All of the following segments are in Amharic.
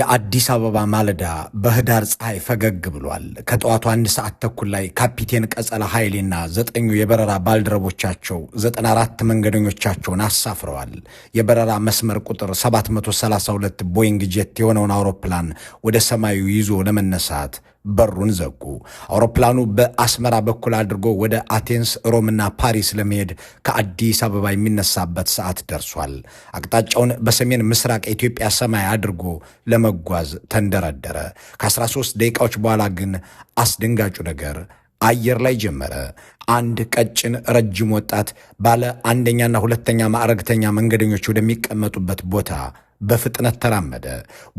የአዲስ አበባ ማለዳ በህዳር ፀሐይ ፈገግ ብሏል። ከጠዋቱ አንድ ሰዓት ተኩል ላይ ካፒቴን ቀጸላ ኃይሌና ዘጠኙ የበረራ ባልደረቦቻቸው 94 መንገደኞቻቸውን አሳፍረዋል። የበረራ መስመር ቁጥር 732 ቦይንግ ጄት የሆነውን አውሮፕላን ወደ ሰማዩ ይዞ ለመነሳት በሩን ዘጉ። አውሮፕላኑ በአስመራ በኩል አድርጎ ወደ አቴንስ ሮምና ፓሪስ ለመሄድ ከአዲስ አበባ የሚነሳበት ሰዓት ደርሷል። አቅጣጫውን በሰሜን ምስራቅ የኢትዮጵያ ሰማይ አድርጎ ለመጓዝ ተንደረደረ። ከ13 ደቂቃዎች በኋላ ግን አስደንጋጩ ነገር አየር ላይ ጀመረ። አንድ ቀጭን ረጅም ወጣት ባለ አንደኛና ሁለተኛ ማዕረግተኛ መንገደኞች ወደሚቀመጡበት ቦታ በፍጥነት ተራመደ።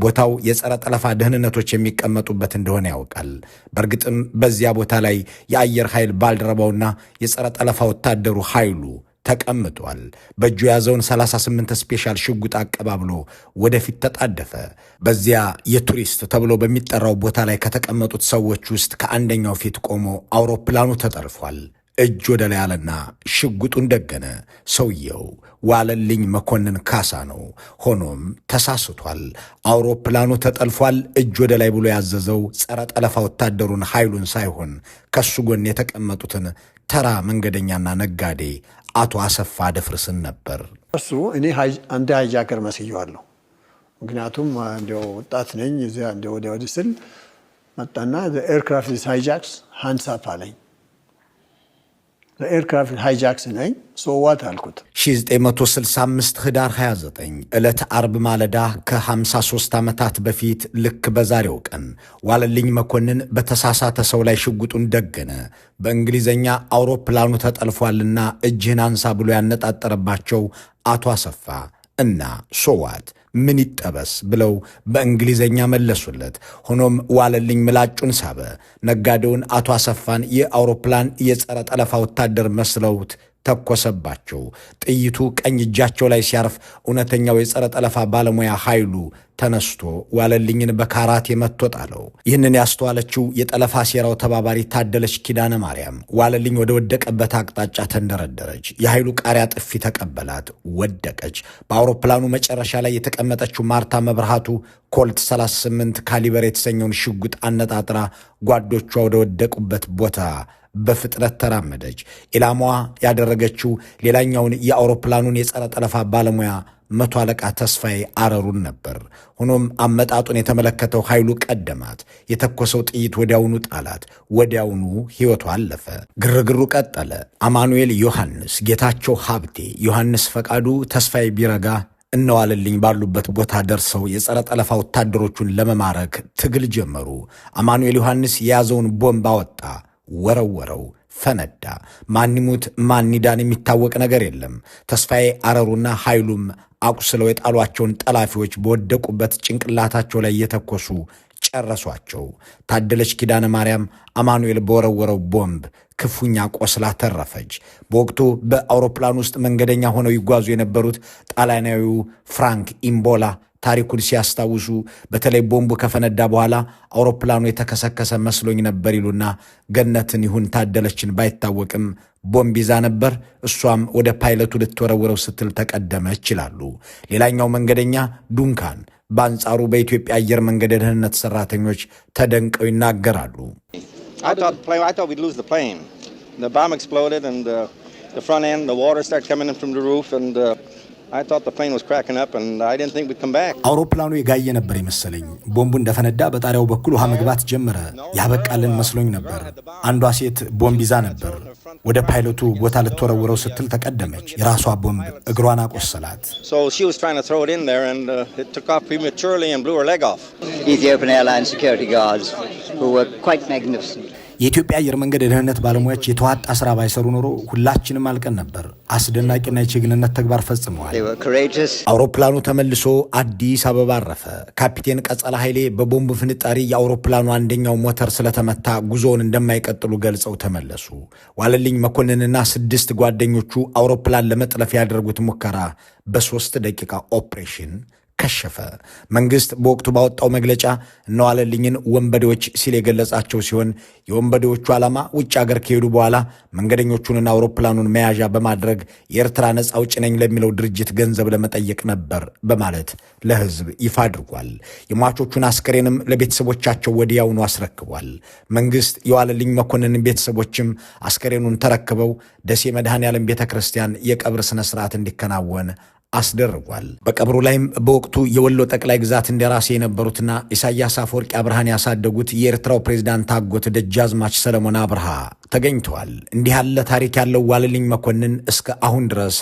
ቦታው የጸረ ጠለፋ ደህንነቶች የሚቀመጡበት እንደሆነ ያውቃል። በእርግጥም በዚያ ቦታ ላይ የአየር ኃይል ባልደረባውና የጸረ ጠለፋ ወታደሩ ኃይሉ ተቀምጧል። በእጁ የያዘውን 38 ስፔሻል ሽጉጥ አቀባብሎ ወደፊት ተጣደፈ። በዚያ የቱሪስት ተብሎ በሚጠራው ቦታ ላይ ከተቀመጡት ሰዎች ውስጥ ከአንደኛው ፊት ቆሞ አውሮፕላኑ ተጠልፏል። እጅ ወደ ላይ አለና ሽጉጡን ደገነ። ሰውየው ዋለልኝ መኮንን ካሳ ነው። ሆኖም ተሳስቷል። አውሮፕላኑ ተጠልፏል። እጅ ወደ ላይ ብሎ ያዘዘው ጸረ ጠለፋ ወታደሩን ኃይሉን ሳይሆን ከሱ ጎን የተቀመጡትን ተራ መንገደኛና ነጋዴ አቶ አሰፋ ደፍርስን ነበር። እሱ እኔ አንድ ሃይጃከር መስየዋለሁ። ምክንያቱም እንዲያው ወጣት ነኝ። እዚያ እንዲያው ወዲያ ወዲህ ስል መጣና ኤርክራፍት ሃይጃክስ ሃንሳፍ አለኝ ለኤርክራፍት ሃይጃክስ ነኝ ሶዋት አልኩት። 965 ህዳር 29 ዕለት አርብ ማለዳ ከ53 ዓመታት በፊት ልክ በዛሬው ቀን ዋለልኝ መኮንን በተሳሳተ ሰው ላይ ሽጉጡን ደገነ። በእንግሊዝኛ አውሮፕላኑ ተጠልፏልና እጅህን አንሳ ብሎ ያነጣጠረባቸው አቶ አሰፋ እና ሶዋት ምን ይጠበስ ብለው በእንግሊዘኛ መለሱለት። ሆኖም ዋለልኝ ምላጩን ሳበ። ነጋዴውን አቶ አሰፋን የአውሮፕላን የጸረ ጠለፋ ወታደር መስለውት ተኮሰባቸው። ጥይቱ ቀኝ እጃቸው ላይ ሲያርፍ እውነተኛው የጸረ ጠለፋ ባለሙያ ኃይሉ ተነስቶ ዋለልኝን በካራቴ መትቶ ጣለው። ይህንን ያስተዋለችው የጠለፋ ሴራው ተባባሪ ታደለች ኪዳነ ማርያም ዋለልኝ ወደ ወደቀበት አቅጣጫ ተንደረደረች። የኃይሉ ቃሪያ ጥፊ ተቀበላት፣ ወደቀች። በአውሮፕላኑ መጨረሻ ላይ የተቀመጠችው ማርታ መብርሃቱ ኮልት 38 ካሊበር የተሰኘውን ሽጉጥ አነጣጥራ ጓዶቿ ወደ ወደቁበት ቦታ በፍጥነት ተራመደች። ኢላማዋ ያደረገችው ሌላኛውን የአውሮፕላኑን የጸረ ጠለፋ ባለሙያ መቶ አለቃ ተስፋዬ አረሩን ነበር። ሆኖም አመጣጡን የተመለከተው ኃይሉ ቀደማት። የተኮሰው ጥይት ወዲያውኑ ጣላት። ወዲያውኑ ሕይወቱ አለፈ። ግርግሩ ቀጠለ። አማኑኤል ዮሐንስ፣ ጌታቸው ሀብቴ፣ ዮሐንስ ፈቃዱ፣ ተስፋዬ ቢረጋ እነዋልልኝ ባሉበት ቦታ ደርሰው የጸረ ጠለፋ ወታደሮቹን ለመማረክ ትግል ጀመሩ። አማኑኤል ዮሐንስ የያዘውን ቦምብ አወጣ። ወረወረው፣ ፈነዳ። ማኒሙት ማኒዳን የሚታወቅ ነገር የለም። ተስፋዬ አረሩና ኃይሉም አቁስለው የጣሏቸውን ጠላፊዎች በወደቁበት ጭንቅላታቸው ላይ እየተኮሱ ጨረሷቸው። ታደለች ኪዳነ ማርያም አማኑኤል በወረወረው ቦምብ ክፉኛ ቆስላ ተረፈች። በወቅቱ በአውሮፕላን ውስጥ መንገደኛ ሆነው ይጓዙ የነበሩት ጣሊያናዊው ፍራንክ ኢምቦላ ታሪኩን ሲያስታውሱ በተለይ ቦምቡ ከፈነዳ በኋላ አውሮፕላኑ የተከሰከሰ መስሎኝ ነበር ይሉና ገነትን ይሁን ታደለችን ባይታወቅም ቦምብ ይዛ ነበር፣ እሷም ወደ ፓይለቱ ልትወረውረው ስትል ተቀደመች ይላሉ። ሌላኛው መንገደኛ ዱንካን በአንጻሩ በኢትዮጵያ አየር መንገድ የደህንነት ሰራተኞች ተደንቀው ይናገራሉ። አውሮፕላኑ የጋየ ነበር የመሰለኝ። ቦምቡ እንደፈነዳ በጣሪያው በኩል ውሃ መግባት ጀመረ። ያበቃልን መስሎኝ ነበር። አንዷ ሴት ቦምብ ይዛ ነበር። ወደ ፓይለቱ ቦታ ልትወረውረው ስትል ተቀደመች። የራሷ ቦምብ እግሯን አቆሰላት። ኢትዮጵያን ኤርላይንስ የኢትዮጵያ አየር መንገድ የደህንነት ባለሙያዎች የተዋጣ ስራ ባይሰሩ ኖሮ ሁላችንም አልቀን ነበር። አስደናቂና የጀግንነት ተግባር ፈጽመዋል። አውሮፕላኑ ተመልሶ አዲስ አበባ አረፈ። ካፒቴን ቀጸለ ኃይሌ በቦምብ ፍንጣሪ የአውሮፕላኑ አንደኛው ሞተር ስለተመታ ጉዞውን እንደማይቀጥሉ ገልጸው ተመለሱ። ዋለልኝ መኮንንና ስድስት ጓደኞቹ አውሮፕላን ለመጥለፍ ያደረጉት ሙከራ በሶስት ደቂቃ ኦፕሬሽን ከሸፈ። መንግስት በወቅቱ ባወጣው መግለጫ እነዋለልኝን ወንበዴዎች ሲል የገለጻቸው ሲሆን የወንበዴዎቹ ዓላማ ውጭ አገር ከሄዱ በኋላ መንገደኞቹንና አውሮፕላኑን መያዣ በማድረግ የኤርትራ ነፃ አውጪ ነኝ ለሚለው ድርጅት ገንዘብ ለመጠየቅ ነበር በማለት ለህዝብ ይፋ አድርጓል። የሟቾቹን አስከሬንም ለቤተሰቦቻቸው ወዲያውኑ አስረክቧል። መንግስት የዋለልኝ መኮንንን ቤተሰቦችም አስከሬኑን ተረክበው ደሴ መድኃኔ ያለም ቤተ ክርስቲያን የቀብር ስነ ስርዓት እንዲከናወን አስደርጓል። በቀብሩ ላይም በወቅቱ የወሎ ጠቅላይ ግዛት እንደራሴ የነበሩትና ኢሳያስ አፈወርቂ አብርሃን ያሳደጉት የኤርትራው ፕሬዝዳንት አጎት ደጃዝማች ሰለሞን አብርሃ ተገኝተዋል። እንዲህ ያለ ታሪክ ያለው ዋልልኝ መኮንን እስከ አሁን ድረስ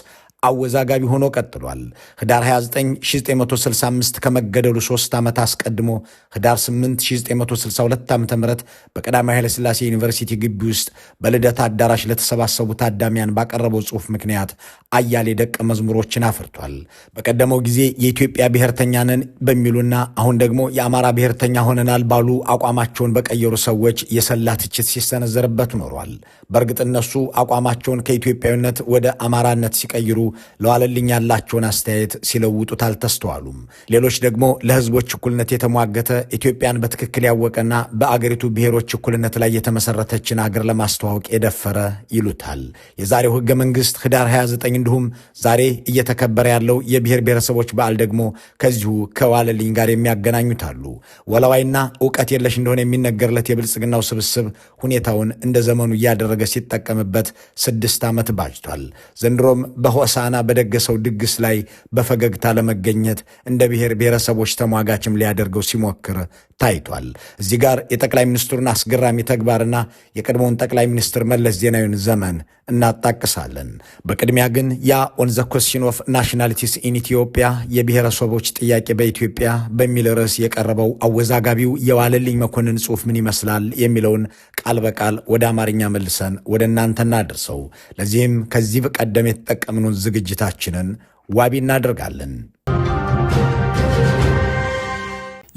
አወዛጋቢ ሆኖ ቀጥሏል። ህዳር 29 1965 ከመገደሉ ሶስት ዓመት አስቀድሞ ህዳር 8 1962 ዓ ም በቀዳማዊ ኃይለሥላሴ ዩኒቨርሲቲ ግቢ ውስጥ በልደት አዳራሽ ለተሰባሰቡ ታዳሚያን ባቀረበው ጽሑፍ ምክንያት አያሌ ደቀ መዝሙሮችን አፍርቷል። በቀደመው ጊዜ የኢትዮጵያ ብሔርተኛ ነን በሚሉና አሁን ደግሞ የአማራ ብሔርተኛ ሆነናል ባሉ አቋማቸውን በቀየሩ ሰዎች የሰላ ትችት ሲሰነዘርበት ኖሯል። በእርግጥ እነሱ አቋማቸውን ከኢትዮጵያዊነት ወደ አማራነት ሲቀይሩ ለዋለልኝ ያላቸውን አስተያየት ሲለውጡት አልተስተዋሉም። ሌሎች ደግሞ ለህዝቦች እኩልነት የተሟገተ ኢትዮጵያን በትክክል ያወቀና በአገሪቱ ብሔሮች እኩልነት ላይ የተመሰረተችን አገር ለማስተዋወቅ የደፈረ ይሉታል። የዛሬው ህገ መንግስት ህዳር 29 እንዲሁም ዛሬ እየተከበረ ያለው የብሔር ብሔረሰቦች በዓል ደግሞ ከዚሁ ከዋለልኝ ጋር የሚያገናኙታሉ። ወላዋይና እውቀት የለሽ እንደሆነ የሚነገርለት የብልጽግናው ስብስብ ሁኔታውን እንደ ዘመኑ እያደረገ ሲጠቀምበት ስድስት ዓመት ባጅቷል። ዘንድሮም በሆሳ ሆሳና በደገሰው ድግስ ላይ በፈገግታ ለመገኘት እንደ ብሔር ብሔረሰቦች ተሟጋችም ሊያደርገው ሲሞክር ታይቷል። እዚህ ጋር የጠቅላይ ሚኒስትሩን አስገራሚ ተግባርና የቀድሞውን ጠቅላይ ሚኒስትር መለስ ዜናዊን ዘመን እናጣቅሳለን። በቅድሚያ ግን ያ ኦን ዘ ኮስሽን ኦፍ ናሽናሊቲስ ኢን ኢትዮጵያ የብሔረሰቦች ጥያቄ በኢትዮጵያ በሚል ርዕስ የቀረበው አወዛጋቢው የዋለልኝ መኮንን ጽሑፍ ምን ይመስላል የሚለውን ቃል በቃል ወደ አማርኛ መልሰን ወደ እናንተ እናድርሰው። ለዚህም ከዚህ ቀደም የተጠቀምኑን ዝግጅታችንን ዋቢ እናደርጋለን።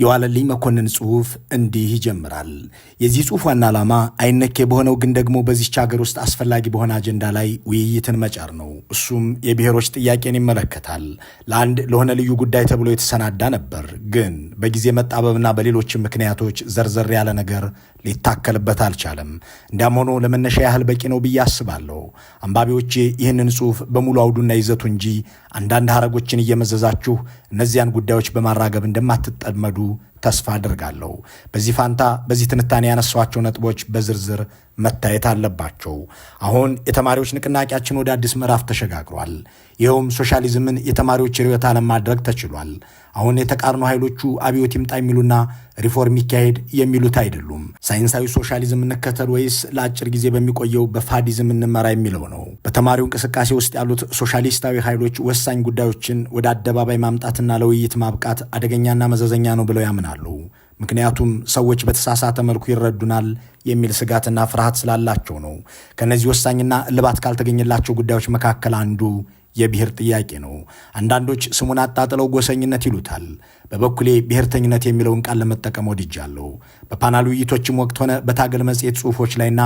የዋለልኝ መኮንን ጽሑፍ እንዲህ ይጀምራል። የዚህ ጽሑፍ ዋና ዓላማ አይነኬ በሆነው ግን ደግሞ በዚች ሀገር ውስጥ አስፈላጊ በሆነ አጀንዳ ላይ ውይይትን መጫር ነው። እሱም የብሔሮች ጥያቄን ይመለከታል። ለአንድ ለሆነ ልዩ ጉዳይ ተብሎ የተሰናዳ ነበር። ግን በጊዜ መጣበብና በሌሎችም ምክንያቶች ዘርዘር ያለ ነገር ሊታከልበት አልቻለም። እንዲያም ሆኖ ለመነሻ ያህል በቂ ነው ብዬ አስባለሁ። አንባቢዎቼ ይህንን ጽሑፍ በሙሉ አውዱና ይዘቱ እንጂ አንዳንድ ሐረጎችን እየመዘዛችሁ እነዚያን ጉዳዮች በማራገብ እንደማትጠመዱ ተስፋ አድርጋለሁ። በዚህ ፋንታ በዚህ ትንታኔ ያነሷቸው ነጥቦች በዝርዝር መታየት አለባቸው። አሁን የተማሪዎች ንቅናቄያችን ወደ አዲስ ምዕራፍ ተሸጋግሯል። ይኸውም ሶሻሊዝምን የተማሪዎች ርዕዮተ ዓለም ማድረግ ተችሏል። አሁን የተቃርኖ ኃይሎቹ አብዮት ይምጣ የሚሉና ሪፎርም ይካሄድ የሚሉት አይደሉም። ሳይንሳዊ ሶሻሊዝም እንከተል ወይስ ለአጭር ጊዜ በሚቆየው በፋዲዝም እንመራ የሚለው ነው። በተማሪው እንቅስቃሴ ውስጥ ያሉት ሶሻሊስታዊ ኃይሎች ወሳኝ ጉዳዮችን ወደ አደባባይ ማምጣትና ለውይይት ማብቃት አደገኛና መዘዘኛ ነው ብለው ያምናሉ። ምክንያቱም ሰዎች በተሳሳተ መልኩ ይረዱናል የሚል ስጋትና ፍርሃት ስላላቸው ነው። ከእነዚህ ወሳኝና እልባት ካልተገኘላቸው ጉዳዮች መካከል አንዱ የብሔር ጥያቄ ነው። አንዳንዶች ስሙን አጣጥለው ጎሰኝነት ይሉታል። በበኩሌ ብሔርተኝነት የሚለውን ቃል ለመጠቀም ወድጃለሁ። በፓናል ውይይቶችም ወቅት ሆነ በታገል መጽሔት ጽሑፎች ላይና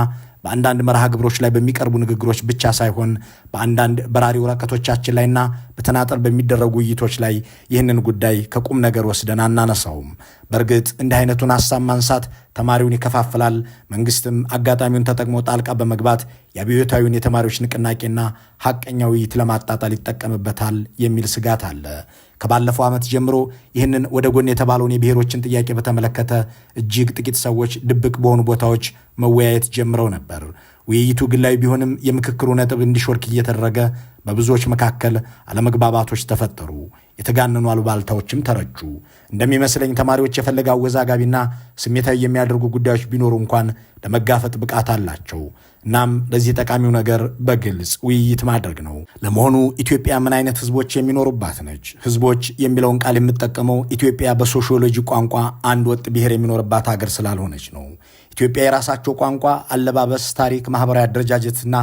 በአንዳንድ መርሃ ግብሮች ላይ በሚቀርቡ ንግግሮች ብቻ ሳይሆን በአንዳንድ በራሪ ወረቀቶቻችን ላይና በተናጠል በሚደረጉ ውይይቶች ላይ ይህንን ጉዳይ ከቁም ነገር ወስደን አናነሳውም። በእርግጥ እንዲህ አይነቱን ሀሳብ ማንሳት ተማሪውን ይከፋፍላል። መንግስትም አጋጣሚውን ተጠቅሞ ጣልቃ በመግባት የአብዮታዊውን የተማሪዎች ንቅናቄና ሀቀኛ ውይይት ለማጣጣል ይጠቀምበታል የሚል ስጋት አለ። ከባለፈው ዓመት ጀምሮ ይህንን ወደ ጎን የተባለውን የብሔሮችን ጥያቄ በተመለከተ እጅግ ጥቂት ሰዎች ድብቅ በሆኑ ቦታዎች መወያየት ጀምረው ነበር። ውይይቱ ግላዊ ቢሆንም የምክክሩ ነጥብ እንዲሾርክ እየተደረገ በብዙዎች መካከል አለመግባባቶች ተፈጠሩ። የተጋነኑ አሉባልታዎችም ተረጩ። እንደሚመስለኝ ተማሪዎች የፈለገ አወዛጋቢና ስሜታዊ የሚያደርጉ ጉዳዮች ቢኖሩ እንኳን ለመጋፈጥ ብቃት አላቸው። እናም ለዚህ ጠቃሚው ነገር በግልጽ ውይይት ማድረግ ነው። ለመሆኑ ኢትዮጵያ ምን አይነት ህዝቦች የሚኖሩባት ነች? ህዝቦች የሚለውን ቃል የምጠቀመው ኢትዮጵያ በሶሽዮሎጂ ቋንቋ አንድ ወጥ ብሔር የሚኖርባት ሀገር ስላልሆነች ነው። ኢትዮጵያ የራሳቸው ቋንቋ፣ አለባበስ፣ ታሪክ፣ ማህበራዊ አደረጃጀትና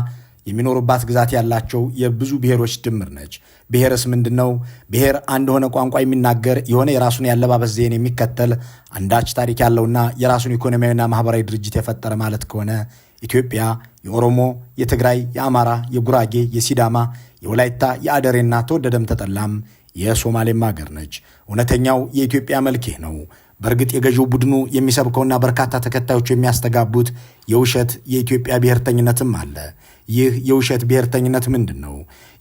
የሚኖሩባት ግዛት ያላቸው የብዙ ብሔሮች ድምር ነች። ብሔርስ ምንድን ነው? ብሔር አንድ የሆነ ቋንቋ የሚናገር የሆነ የራሱን ያለባበስ ዜን የሚከተል አንዳች ታሪክ ያለውና የራሱን ኢኮኖሚያዊና ማህበራዊ ድርጅት የፈጠረ ማለት ከሆነ ኢትዮጵያ የኦሮሞ፣ የትግራይ፣ የአማራ፣ የጉራጌ፣ የሲዳማ፣ የወላይታ፣ የአደሬና ተወደደም ተጠላም የሶማሌም አገር ነች። እውነተኛው የኢትዮጵያ መልክ ነው። በእርግጥ የገዢው ቡድኑ የሚሰብከውና በርካታ ተከታዮች የሚያስተጋቡት የውሸት የኢትዮጵያ ብሔርተኝነትም አለ። ይህ የውሸት ብሔርተኝነት ምንድን ነው?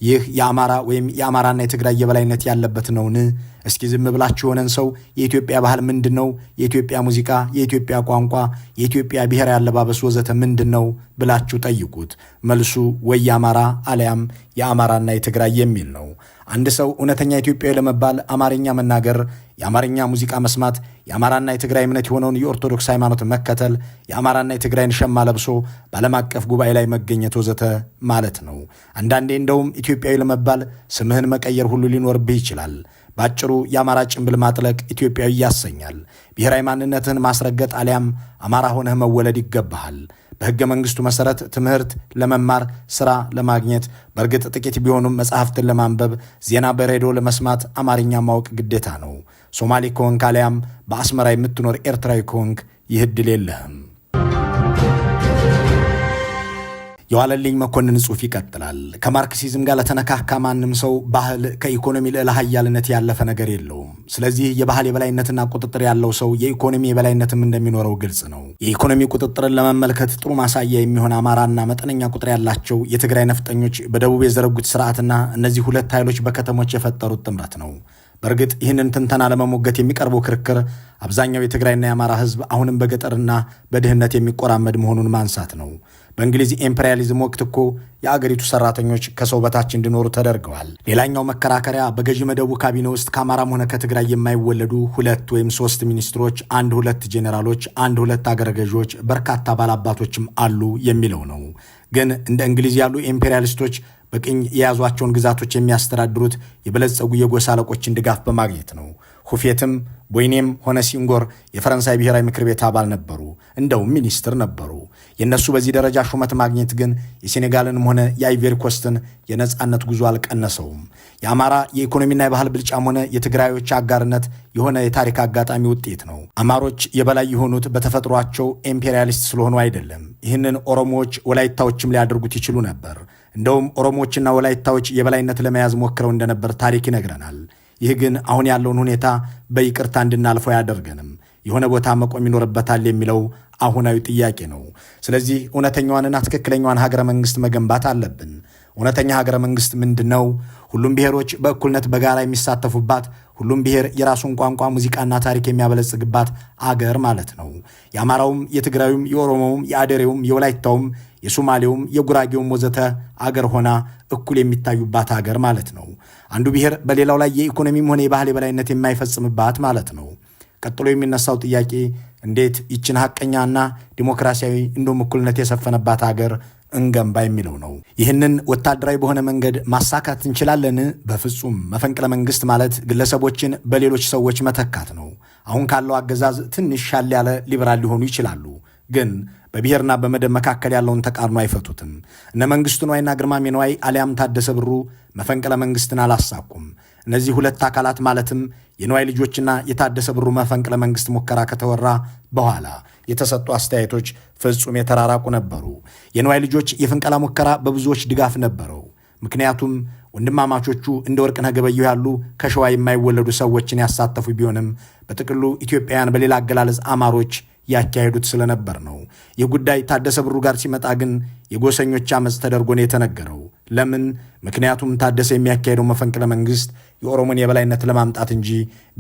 ይህ የአማራ ወይም የአማራና የትግራይ የበላይነት ያለበት ነውን? እስኪ ዝም ብላችሁ የሆነን ሰው የኢትዮጵያ ባህል ምንድን ነው፣ የኢትዮጵያ ሙዚቃ፣ የኢትዮጵያ ቋንቋ፣ የኢትዮጵያ ብሔራዊ አለባበስ ወዘተ ምንድን ነው ብላችሁ ጠይቁት። መልሱ ወይ የአማራ አሊያም የአማራና የትግራይ የሚል ነው። አንድ ሰው እውነተኛ ኢትዮጵያዊ ለመባል አማርኛ መናገር፣ የአማርኛ ሙዚቃ መስማት፣ የአማራና የትግራይ እምነት የሆነውን የኦርቶዶክስ ሃይማኖት መከተል፣ የአማራና የትግራይን ሸማ ለብሶ በዓለም አቀፍ ጉባኤ ላይ መገኘት ወዘተ ማለት ነው። አንዳንዴ እንደውም ኢትዮጵያዊ ለመባል ስምህን መቀየር ሁሉ ሊኖርብህ ይችላል። በአጭሩ የአማራ ጭንብል ማጥለቅ ኢትዮጵያዊ ያሰኛል። ብሔራዊ ማንነትህን ማስረገጥ አሊያም አማራ ሆነህ መወለድ ይገባሃል። በሕገ መንግሥቱ መሠረት ትምህርት ለመማር፣ ሥራ ለማግኘት፣ በእርግጥ ጥቂት ቢሆኑም መጽሐፍትን ለማንበብ፣ ዜና በሬዲዮ ለመስማት አማርኛ ማወቅ ግዴታ ነው። ሶማሌ ከሆንክ አሊያም በአስመራ የምትኖር ኤርትራዊ ከሆንክ ይህ ዕድል የለህም። የዋለልኝ መኮንን ጽሑፍ ይቀጥላል። ከማርክሲዝም ጋር ለተነካካ ማንም ሰው ባህል ከኢኮኖሚ ልዕለ ሀያልነት ያለፈ ነገር የለውም። ስለዚህ የባህል የበላይነትና ቁጥጥር ያለው ሰው የኢኮኖሚ የበላይነትም እንደሚኖረው ግልጽ ነው። የኢኮኖሚ ቁጥጥርን ለመመልከት ጥሩ ማሳያ የሚሆን አማራና መጠነኛ ቁጥር ያላቸው የትግራይ ነፍጠኞች በደቡብ የዘረጉት ስርዓትና እነዚህ ሁለት ኃይሎች በከተሞች የፈጠሩት ጥምረት ነው። በእርግጥ ይህንን ትንተና ለመሞገት የሚቀርበው ክርክር አብዛኛው የትግራይና የአማራ ህዝብ አሁንም በገጠርና በድህነት የሚቆራመድ መሆኑን ማንሳት ነው። በእንግሊዝ ኢምፔሪያሊዝም ወቅት እኮ የአገሪቱ ሰራተኞች ከሰው በታች እንዲኖሩ ተደርገዋል። ሌላኛው መከራከሪያ በገዢ መደቡ ካቢኔ ውስጥ ከአማራም ሆነ ከትግራይ የማይወለዱ ሁለት ወይም ሶስት ሚኒስትሮች፣ አንድ ሁለት ጄኔራሎች፣ አንድ ሁለት አገረ ገዢዎች፣ በርካታ ባላባቶችም አሉ የሚለው ነው። ግን እንደ እንግሊዝ ያሉ ኢምፔሪያሊስቶች በቅኝ የያዟቸውን ግዛቶች የሚያስተዳድሩት የበለጸጉ የጎሳ አለቆችን ድጋፍ በማግኘት ነው። ኩፌትም ቦይኔም ሆነ ሲንጎር የፈረንሳይ ብሔራዊ ምክር ቤት አባል ነበሩ፣ እንደውም ሚኒስትር ነበሩ። የእነሱ በዚህ ደረጃ ሹመት ማግኘት ግን የሴኔጋልንም ሆነ የአይቬሪ ኮስትን የነፃነት ጉዞ አልቀነሰውም። የአማራ የኢኮኖሚና የባህል ብልጫም ሆነ የትግራዮች አጋርነት የሆነ የታሪክ አጋጣሚ ውጤት ነው። አማሮች የበላይ የሆኑት በተፈጥሯቸው ኢምፔሪያሊስት ስለሆኑ አይደለም። ይህንን ኦሮሞዎች፣ ወላይታዎችም ሊያደርጉት ይችሉ ነበር። እንደውም ኦሮሞዎችና ወላይታዎች የበላይነት ለመያዝ ሞክረው እንደነበር ታሪክ ይነግረናል። ይህ ግን አሁን ያለውን ሁኔታ በይቅርታ እንድናልፈው አያደርገንም። የሆነ ቦታ መቆም ይኖርበታል የሚለው አሁናዊ ጥያቄ ነው። ስለዚህ እውነተኛዋንና ትክክለኛዋን ሀገረ መንግስት መገንባት አለብን። እውነተኛ ሀገረ መንግስት ምንድን ነው? ሁሉም ብሔሮች በእኩልነት በጋራ የሚሳተፉባት፣ ሁሉም ብሔር የራሱን ቋንቋ፣ ሙዚቃና ታሪክ የሚያበለጽግባት አገር ማለት ነው። የአማራውም፣ የትግራዩም፣ የኦሮሞውም፣ የአደሬውም፣ የወላይታውም የሶማሌውም የጉራጌውም ወዘተ አገር ሆና እኩል የሚታዩባት አገር ማለት ነው። አንዱ ብሔር በሌላው ላይ የኢኮኖሚም ሆነ የባህል የበላይነት የማይፈጽምባት ማለት ነው። ቀጥሎ የሚነሳው ጥያቄ እንዴት ይችን ሐቀኛና ዲሞክራሲያዊ እንዲሁም እኩልነት የሰፈነባት አገር እንገንባ የሚለው ነው። ይህንን ወታደራዊ በሆነ መንገድ ማሳካት እንችላለን? በፍጹም። መፈንቅለ መንግስት ማለት ግለሰቦችን በሌሎች ሰዎች መተካት ነው። አሁን ካለው አገዛዝ ትንሽ ሻል ያለ ሊበራል ሊሆኑ ይችላሉ ግን በብሔርና በመደብ መካከል ያለውን ተቃርኖ አይፈቱትም። እነ መንግስቱ ንዋይና ግርማሜ ንዋይ አሊያም ታደሰ ብሩ መፈንቅለ መንግስትን አላሳኩም። እነዚህ ሁለት አካላት ማለትም የንዋይ ልጆችና የታደሰ ብሩ መፈንቅለ መንግስት ሙከራ ከተወራ በኋላ የተሰጡ አስተያየቶች ፍጹም የተራራቁ ነበሩ። የንዋይ ልጆች የፍንቀላ ሙከራ በብዙዎች ድጋፍ ነበረው። ምክንያቱም ወንድማማቾቹ እንደ ወርቅነህ ገበየሁ ያሉ ከሸዋ የማይወለዱ ሰዎችን ያሳተፉ ቢሆንም በጥቅሉ ኢትዮጵያውያን በሌላ አገላለጽ አማሮች ያካሄዱት ስለነበር ነው። ይህ ጉዳይ ታደሰ ብሩ ጋር ሲመጣ ግን የጎሰኞች አመፅ ተደርጎ ነው የተነገረው። ለምን? ምክንያቱም ታደሰ የሚያካሄደው መፈንቅለ መንግስት የኦሮሞን የበላይነት ለማምጣት እንጂ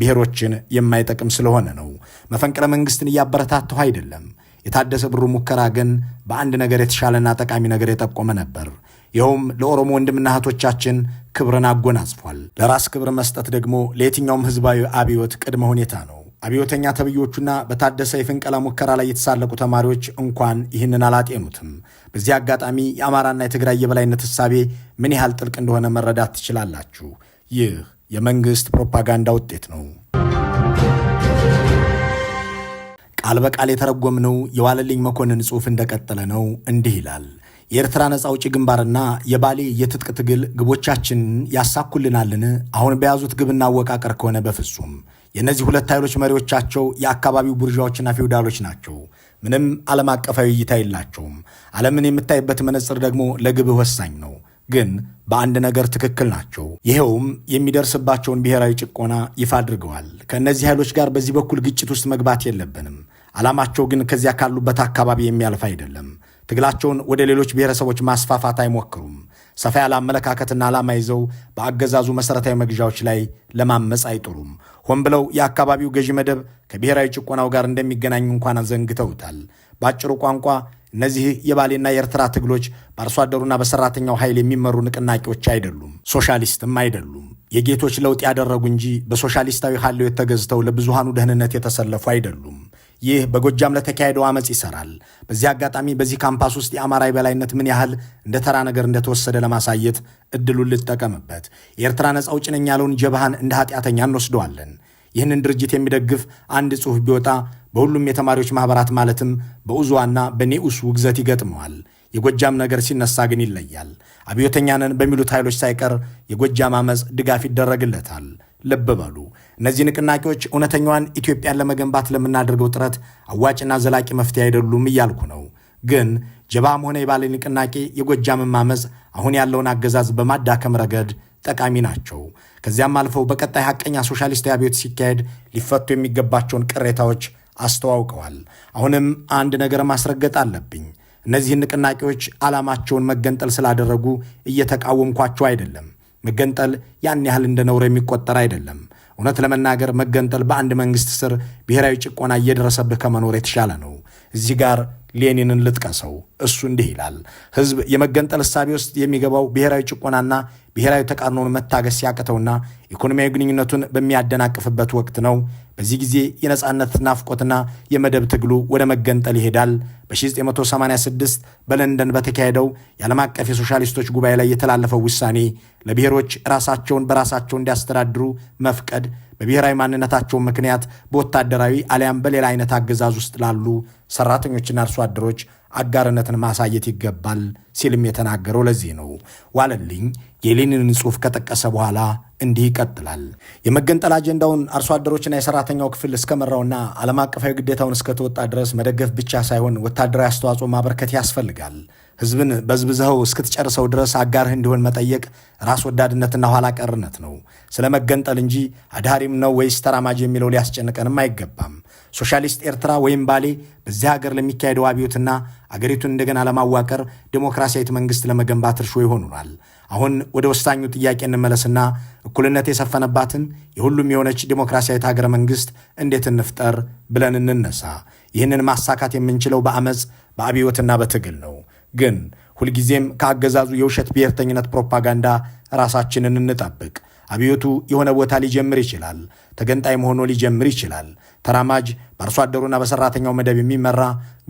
ብሔሮችን የማይጠቅም ስለሆነ ነው። መፈንቅለ መንግስትን እያበረታተው አይደለም። የታደሰ ብሩ ሙከራ ግን በአንድ ነገር የተሻለና ጠቃሚ ነገር የጠቆመ ነበር። ይኸውም ለኦሮሞ ወንድምና እህቶቻችን ክብርን አጎናጽፏል። ለራስ ክብር መስጠት ደግሞ ለየትኛውም ህዝባዊ አብዮት ቅድመ ሁኔታ ነው። አብዮተኛ ተብዮቹና በታደሰ የፍንቀላ ሙከራ ላይ የተሳለቁ ተማሪዎች እንኳን ይህንን አላጤኑትም። በዚህ አጋጣሚ የአማራና የትግራይ የበላይነት እሳቤ ምን ያህል ጥልቅ እንደሆነ መረዳት ትችላላችሁ። ይህ የመንግስት ፕሮፓጋንዳ ውጤት ነው። ቃል በቃል የተረጎምነው የዋለልኝ መኮንን ጽሑፍ እንደቀጠለ ነው። እንዲህ ይላል። የኤርትራ ነፃ አውጪ ግንባርና የባሌ የትጥቅ ትግል ግቦቻችንን ያሳኩልናልን? አሁን በያዙት ግብና አወቃቀር ከሆነ በፍጹም የእነዚህ ሁለት ኃይሎች መሪዎቻቸው የአካባቢው ቡርዣዎችና ፊውዳሎች ናቸው። ምንም ዓለም አቀፋዊ እይታ የላቸውም። ዓለምን የምታይበት መነጽር ደግሞ ለግብህ ወሳኝ ነው። ግን በአንድ ነገር ትክክል ናቸው። ይኸውም የሚደርስባቸውን ብሔራዊ ጭቆና ይፋ አድርገዋል። ከእነዚህ ኃይሎች ጋር በዚህ በኩል ግጭት ውስጥ መግባት የለብንም። ዓላማቸው ግን ከዚያ ካሉበት አካባቢ የሚያልፍ አይደለም። ትግላቸውን ወደ ሌሎች ብሔረሰቦች ማስፋፋት አይሞክሩም። ሰፋ ያለ አመለካከትና ዓላማ ይዘው በአገዛዙ መሠረታዊ መግዣዎች ላይ ለማመፅ አይጥሩም። ሆን ብለው የአካባቢው ገዢ መደብ ከብሔራዊ ጭቆናው ጋር እንደሚገናኙ እንኳን አዘንግተውታል። በአጭሩ ቋንቋ እነዚህ የባሌና የኤርትራ ትግሎች በአርሶ አደሩና በሰራተኛው ኃይል የሚመሩ ንቅናቄዎች አይደሉም፣ ሶሻሊስትም አይደሉም። የጌቶች ለውጥ ያደረጉ እንጂ በሶሻሊስታዊ ሀሌዎች ተገዝተው ለብዙሃኑ ደህንነት የተሰለፉ አይደሉም። ይህ በጎጃም ለተካሄደው አመፅ ይሰራል። በዚህ አጋጣሚ በዚህ ካምፓስ ውስጥ የአማራ የበላይነት ምን ያህል እንደ ተራ ነገር እንደተወሰደ ለማሳየት እድሉን ልጠቀምበት። የኤርትራ ነፃው አውጪ ነኝ ያለውን ጀብሃን እንደ ኃጢአተኛ እንወስደዋለን። ይህንን ድርጅት የሚደግፍ አንድ ጽሑፍ ቢወጣ በሁሉም የተማሪዎች ማኅበራት ማለትም በኡዙዋና በኔኡስ ውግዘት ይገጥመዋል። የጎጃም ነገር ሲነሳ ግን ይለያል። አብዮተኛ ነን በሚሉት ኃይሎች ሳይቀር የጎጃም አመፅ ድጋፍ ይደረግለታል። ልብ በሉ። እነዚህ ንቅናቄዎች እውነተኛዋን ኢትዮጵያን ለመገንባት ለምናደርገው ጥረት አዋጭና ዘላቂ መፍትሄ አይደሉም እያልኩ ነው። ግን ጀባም ሆነ የባሌ ንቅናቄ፣ የጎጃምን ማመፅ አሁን ያለውን አገዛዝ በማዳከም ረገድ ጠቃሚ ናቸው። ከዚያም አልፈው በቀጣይ ሐቀኛ ሶሻሊስት አብዮት ሲካሄድ ሊፈቱ የሚገባቸውን ቅሬታዎች አስተዋውቀዋል። አሁንም አንድ ነገር ማስረገጥ አለብኝ። እነዚህን ንቅናቄዎች ዓላማቸውን መገንጠል ስላደረጉ እየተቃወምኳቸው አይደለም። መገንጠል ያን ያህል እንደ ነውር የሚቆጠር አይደለም። እውነት ለመናገር መገንጠል በአንድ መንግስት ስር ብሔራዊ ጭቆና እየደረሰብህ ከመኖር የተሻለ ነው። እዚህ ጋር ሌኒንን ልጥቀሰው። እሱ እንዲህ ይላል፣ ህዝብ የመገንጠል እሳቤ ውስጥ የሚገባው ብሔራዊ ጭቆናና ብሔራዊ ተቃርኖን መታገስ ሲያቅተውና ኢኮኖሚያዊ ግንኙነቱን በሚያደናቅፍበት ወቅት ነው። በዚህ ጊዜ የነፃነት ናፍቆትና የመደብ ትግሉ ወደ መገንጠል ይሄዳል። በ1986 በለንደን በተካሄደው የዓለም አቀፍ የሶሻሊስቶች ጉባኤ ላይ የተላለፈው ውሳኔ ለብሔሮች ራሳቸውን በራሳቸው እንዲያስተዳድሩ መፍቀድ በብሔራዊ ማንነታቸው ምክንያት በወታደራዊ አሊያም በሌላ አይነት አገዛዝ ውስጥ ላሉ ሰራተኞችና አርሶ አደሮች አጋርነትን ማሳየት ይገባል ሲልም የተናገረው ለዚህ ነው። ዋለልኝ የሌኒንን ጽሑፍ ከጠቀሰ በኋላ እንዲህ ይቀጥላል። የመገንጠል አጀንዳውን አርሶ አደሮችና የሰራተኛው ክፍል እስከመራውና ዓለም አቀፋዊ ግዴታውን እስከተወጣ ድረስ መደገፍ ብቻ ሳይሆን ወታደራዊ አስተዋጽኦ ማበርከት ያስፈልጋል። ሕዝብን በዝብዝኸው እስክትጨርሰው ድረስ አጋርህ እንዲሆን መጠየቅ ራስ ወዳድነትና ኋላ ቀርነት ነው። ስለ መገንጠል እንጂ አድሃሪም ነው ወይስ ተራማጅ የሚለው ሊያስጨንቀንም አይገባም። ሶሻሊስት ኤርትራ ወይም ባሌ በዚህ ሀገር ለሚካሄደው አብዮትና አገሪቱን እንደገና ለማዋቀር ዴሞክራሲያዊት መንግስት ለመገንባት እርሾ ይሆኑናል። አሁን ወደ ወሳኙ ጥያቄ እንመለስና እኩልነት የሰፈነባትን የሁሉም የሆነች ዴሞክራሲያዊት ሀገረ መንግስት እንዴት እንፍጠር ብለን እንነሳ። ይህንን ማሳካት የምንችለው በአመፅ በአብዮትና በትግል ነው። ግን ሁልጊዜም ከአገዛዙ የውሸት ብሔርተኝነት ፕሮፓጋንዳ ራሳችንን እንጠብቅ። አብዮቱ የሆነ ቦታ ሊጀምር ይችላል። ተገንጣይ መሆኖ ሊጀምር ይችላል። ተራማጅ በአርሶ አደሩና በሰራተኛው መደብ የሚመራ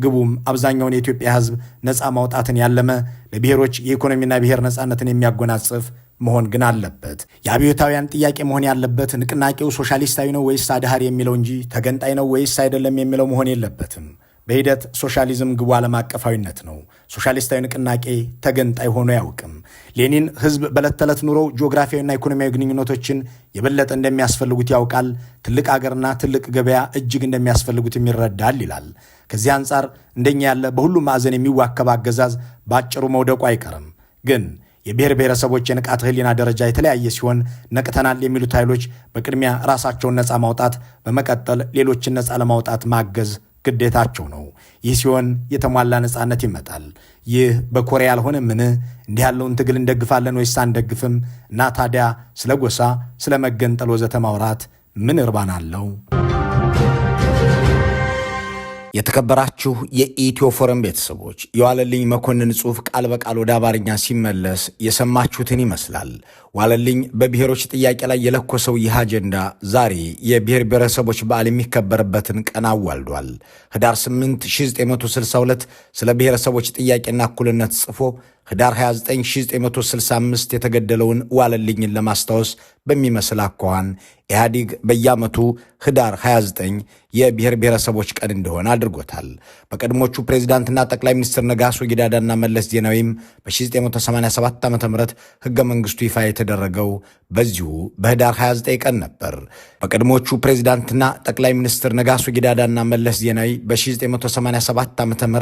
ግቡም አብዛኛውን የኢትዮጵያ ሕዝብ ነፃ ማውጣትን ያለመ ለብሔሮች የኢኮኖሚና ብሔር ነፃነትን የሚያጎናጽፍ መሆን ግን አለበት። የአብዮታውያን ጥያቄ መሆን ያለበት ንቅናቄው ሶሻሊስታዊ ነው ወይስ አድሃር የሚለው እንጂ ተገንጣይ ነው ወይስ አይደለም የሚለው መሆን የለበትም። በሂደት ሶሻሊዝም ግቡ ዓለም አቀፋዊነት ነው። ሶሻሊስታዊ ንቅናቄ ተገንጣይ ሆኖ አያውቅም። ሌኒን ህዝብ በዕለት ተዕለት ኑሮው ጂኦግራፊያዊና ኢኮኖሚያዊ ግንኙነቶችን የበለጠ እንደሚያስፈልጉት ያውቃል። ትልቅ አገርና ትልቅ ገበያ እጅግ እንደሚያስፈልጉትም ይረዳል ይላል። ከዚህ አንጻር እንደኛ ያለ በሁሉም ማዕዘን የሚዋከብ አገዛዝ በአጭሩ መውደቁ አይቀርም ግን የብሔር ብሔረሰቦች የንቃት ህሊና ደረጃ የተለያየ ሲሆን ነቅተናል የሚሉት ኃይሎች በቅድሚያ ራሳቸውን ነፃ ማውጣት፣ በመቀጠል ሌሎችን ነፃ ለማውጣት ማገዝ ግዴታቸው ነው። ይህ ሲሆን የተሟላ ነፃነት ይመጣል። ይህ በኮሪያ ያልሆነ ምን እንዲህ ያለውን ትግል እንደግፋለን ወይስ አንደግፍም? እና ታዲያ ስለ ጎሳ፣ ስለ መገንጠል ወዘተ ማውራት ምን እርባና አለው? የተከበራችሁ የኢትዮ ፎረም ቤተሰቦች የዋለልኝ መኮንን ጽሑፍ ቃል በቃል ወደ አማርኛ ሲመለስ የሰማችሁትን ይመስላል። ዋለልኝ በብሔሮች ጥያቄ ላይ የለኮሰው ይህ አጀንዳ ዛሬ የብሔር ብሔረሰቦች በዓል የሚከበርበትን ቀን አዋልዷል። ህዳር 8 1962 ስለ ብሔረሰቦች ጥያቄና እኩልነት ጽፎ ህዳር 29965 የተገደለውን ዋለልኝን ለማስታወስ በሚመስል አኳኋን ኢህአዲግ በየዓመቱ ህዳር 29 የብሔር ብሔረሰቦች ቀን እንደሆነ አድርጎታል። በቀድሞቹ ፕሬዚዳንትና ጠቅላይ ሚኒስትር ነጋሶ ጊዳዳና መለስ ዜናዊም በ1987 ዓ ም ህገ መንግስቱ ይፋ የተደረገው በዚሁ በህዳር 29 ቀን ነበር። በቀድሞቹ ፕሬዚዳንትና ጠቅላይ ሚኒስትር ነጋሶ ጊዳዳና መለስ ዜናዊ በ1987 ዓ ም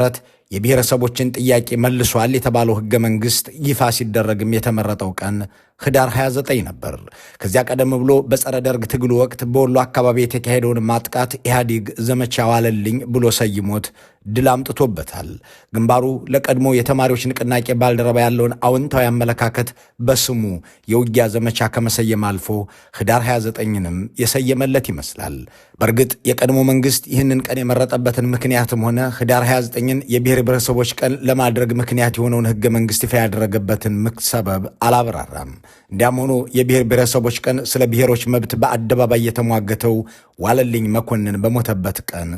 የብሔረሰቦችን ጥያቄ መልሷል የተባለው ህገ መንግስት ይፋ ሲደረግም የተመረጠው ቀን ህዳር 29 ነበር። ከዚያ ቀደም ብሎ በጸረ ደርግ ትግሉ ወቅት በወሎ አካባቢ የተካሄደውን ማጥቃት ኢህአዲግ ዘመቻ ዋለልኝ ብሎ ሰይሞት ድል አምጥቶበታል። ግንባሩ ለቀድሞ የተማሪዎች ንቅናቄ ባልደረባ ያለውን አዎንታዊ አመለካከት በስሙ የውጊያ ዘመቻ ከመሰየም አልፎ ህዳር 29ንም የሰየመለት ይመስላል። በእርግጥ የቀድሞ መንግስት ይህንን ቀን የመረጠበትን ምክንያትም ሆነ ህዳር 29ን የብሔር ብሔረሰቦች ቀን ለማድረግ ምክንያት የሆነውን ህገ መንግስት ይፋ ያደረገበትን ሰበብ አላብራራም። እንዲያም ሆኖ የብሔር ብሔረሰቦች ቀን ስለ ብሔሮች መብት በአደባባይ የተሟገተው ዋለልኝ መኮንን በሞተበት ቀን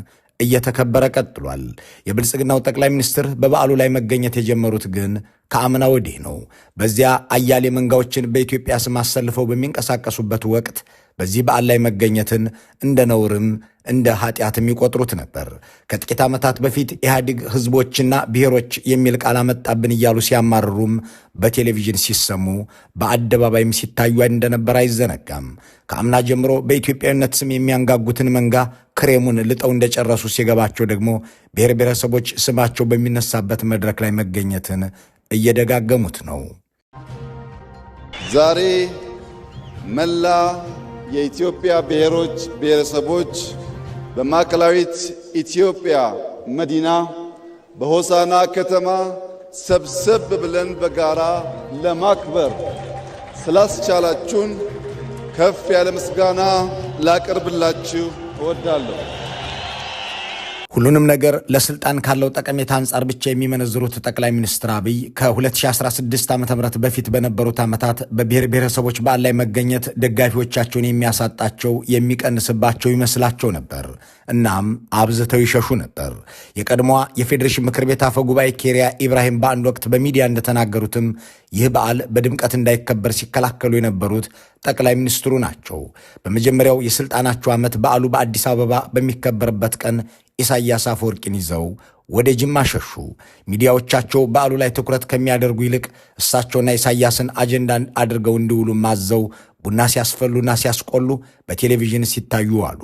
እየተከበረ ቀጥሏል። የብልጽግናው ጠቅላይ ሚኒስትር በበዓሉ ላይ መገኘት የጀመሩት ግን ከአምና ወዲህ ነው። በዚያ አያሌ መንጋዎችን በኢትዮጵያ ስም አሰልፈው በሚንቀሳቀሱበት ወቅት በዚህ በዓል ላይ መገኘትን እንደ ነውርም እንደ ኃጢአትም ይቆጥሩት ነበር። ከጥቂት ዓመታት በፊት ኢህአዲግ ህዝቦችና ብሔሮች የሚል ቃል አመጣብን እያሉ ሲያማርሩም በቴሌቪዥን ሲሰሙ በአደባባይም ሲታዩ እንደነበር አይዘነጋም። ከአምና ጀምሮ በኢትዮጵያዊነት ስም የሚያንጋጉትን መንጋ ክሬሙን ልጠው እንደጨረሱ ሲገባቸው ደግሞ ብሔር ብሔረሰቦች ስማቸው በሚነሳበት መድረክ ላይ መገኘትን እየደጋገሙት ነው። ዛሬ መላ የኢትዮጵያ ብሔሮች፣ ብሔረሰቦች በማዕከላዊት ኢትዮጵያ መዲና በሆሳና ከተማ ሰብሰብ ብለን በጋራ ለማክበር ስላስቻላችሁን ከፍ ያለ ምስጋና ላቀርብላችሁ ¿Cuál ሁሉንም ነገር ለስልጣን ካለው ጠቀሜታ አንጻር ብቻ የሚመነዝሩት ጠቅላይ ሚኒስትር አብይ ከ2016 ዓ ም በፊት በነበሩት ዓመታት በብሔር ብሔረሰቦች በዓል ላይ መገኘት ደጋፊዎቻቸውን የሚያሳጣቸው የሚቀንስባቸው ይመስላቸው ነበር። እናም አብዝተው ይሸሹ ነበር። የቀድሞዋ የፌዴሬሽን ምክር ቤት አፈ ጉባኤ ኬሪያ ኢብራሂም በአንድ ወቅት በሚዲያ እንደተናገሩትም ይህ በዓል በድምቀት እንዳይከበር ሲከላከሉ የነበሩት ጠቅላይ ሚኒስትሩ ናቸው። በመጀመሪያው የስልጣናቸው ዓመት በዓሉ በአዲስ አበባ በሚከበርበት ቀን ኢሳያስ አፈወርቂን ይዘው ወደ ጅማ ሸሹ። ሚዲያዎቻቸው በዓሉ ላይ ትኩረት ከሚያደርጉ ይልቅ እሳቸውና ኢሳያስን አጀንዳ አድርገው እንዲውሉ ማዘው ቡና ሲያስፈሉና ሲያስቆሉ በቴሌቪዥን ሲታዩ አሉ።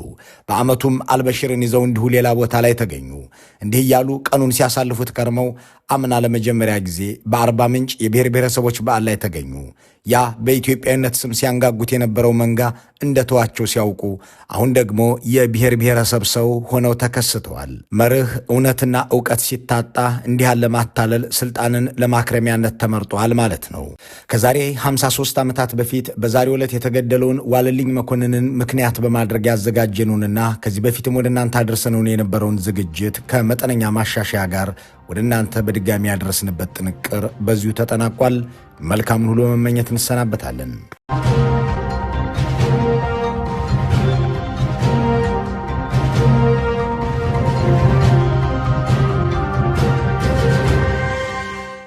በዓመቱም አልበሽርን ይዘው እንዲሁ ሌላ ቦታ ላይ ተገኙ። እንዲህ እያሉ ቀኑን ሲያሳልፉት ከርመው አምና ለመጀመሪያ ጊዜ በአርባ ምንጭ የብሔር ብሔረሰቦች በዓል ላይ ተገኙ። ያ በኢትዮጵያዊነት ስም ሲያንጋጉት የነበረው መንጋ እንደተዋቸው ሲያውቁ አሁን ደግሞ የብሔር ብሔረሰብ ሰው ሆነው ተከስተዋል። መርህ፣ እውነትና እውቀት ሲታጣ እንዲህ ያለ ማታለል ስልጣንን ለማክረሚያነት ተመርጧል ማለት ነው። ከዛሬ 53 ዓመታት በፊት በዛሬ ዕለት የተገደለውን ዋለልኝ መኮንንን ምክንያት በማድረግ ያዘጋጀኑንና ከዚህ በፊትም ወደ እናንተ አድርሰነውን የነበረውን ዝግጅት ከመጠነኛ ማሻሻያ ጋር ወደ እናንተ በድጋሚ ያደረስንበት ጥንቅር በዚሁ ተጠናቋል። መልካምን ሁሉ መመኘት እንሰናበታለን።